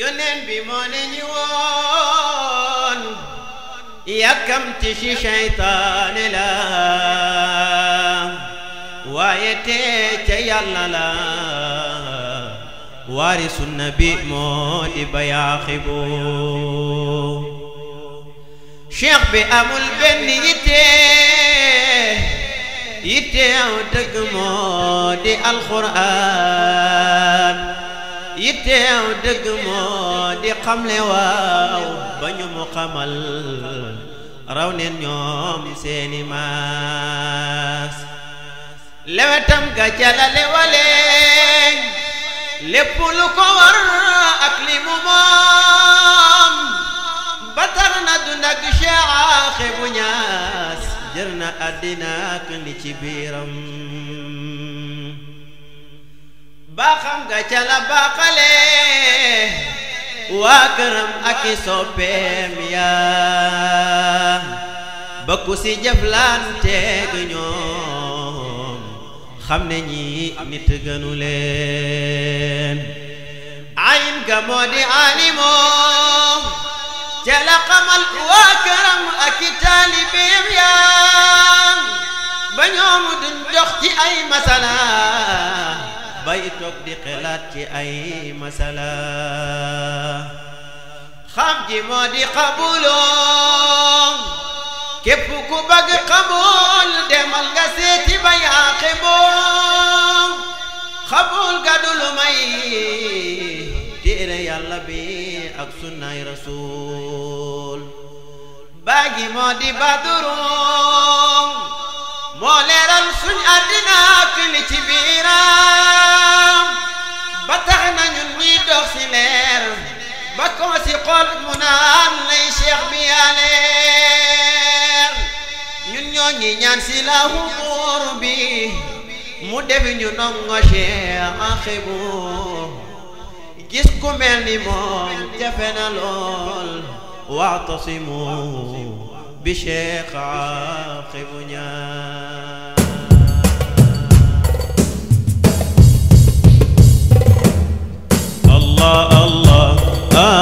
yoneen bi moo ne ñi woon yàkkamti ci seytaane la waaye tee ca yàlla waarisu nabi moo di bayaaxibu cheikh bi amul benn yitte yitte aw dëgg moo alxuraan yitteew dëgg moo di xamle waaw ba mu xamal raw neen ñoom seeni maas lewetam ga jala lewaleñ lépp lu ko war ak li mu moom ba na du nag bu ñaas jër na àddina ak li ci biiram baaxam nga ca la baaxale waa këram ak i soppeem yaa bëkku si jëflanteeg ñoom xam ne ñi nit gënu leen ayin ga moo di alimoom ca la xamal waa këram ak i taalibeem yaa ba ñoomu duñ dox ci ay masala bay toog di xelaat ci ay masala xam ji moo di xabuloo képp ku bëgg xamul demal nga seeti ba yaa xeboo xamul ga du lu may téere yàlla bi ak sunnaay rasuul baagi moo di baduroo moo leeral suñ àddina ak li ci biiram ba tax na ñun ñuy dox leer ba koo si mu naan lay cheikh bi yaa ñun ñoo ñaan si la humour bi mu def ñu nongo cheikh axibu gis ku mel ni moom jafe na lool waxtasimu bi Cheikh Aqib Niang Allah Allah ah.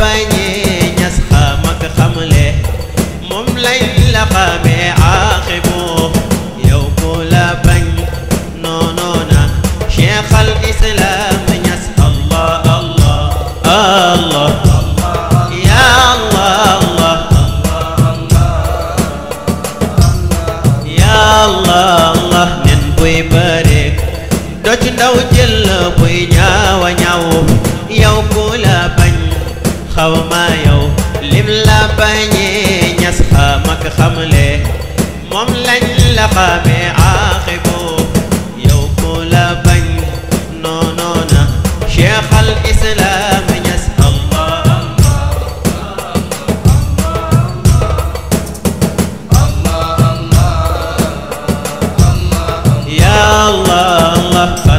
bañe ñas xam ak xamle moom lañ la xamee aaxibu yow ku la bañ noonoona cheikh al islam ñas allah allah allah ya allah allah ya allah allah nen buy bëreek doj ndaw jël buy ñaawa ñaaw yow xaw ma yow ñas xam ak xamle moom la xamee aaxibu yow ku la bañ noonoo al islam ñas allah allah allah allah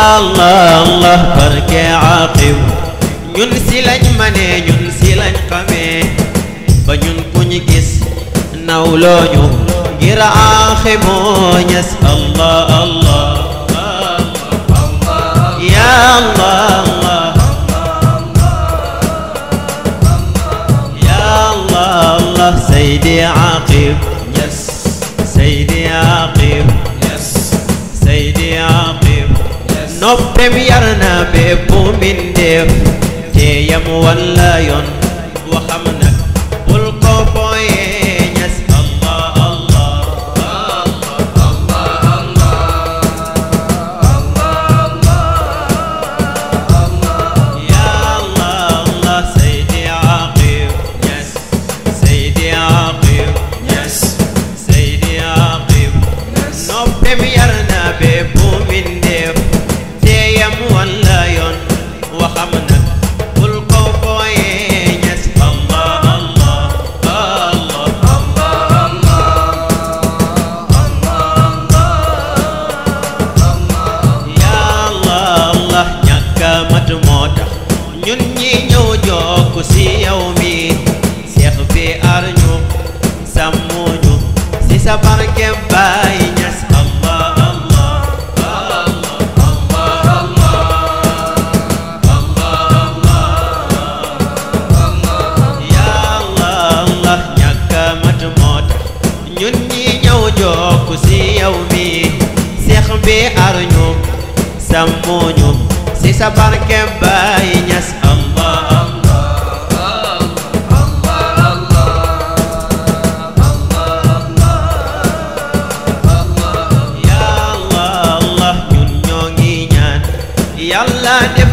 allah allah barke aqib ñun si lañ manee ñun si lañ xamee ba ñun kuñ gis nawloo ñu ngir aaxi moo allah allah ya allah allah saydi aqib ñes saydi aqib noppeem yar na bépp mbindeef te yam walla yoon waxam sa barke Baay Ñas Allah Allah Allah Allah Allah yaa Allah ñàkk a mat moo tax ñun ñi ñëw jokk si yow mi seex bi ar ñu sàmmoo ñu si sa barke Baay Ñas Allah yàlla def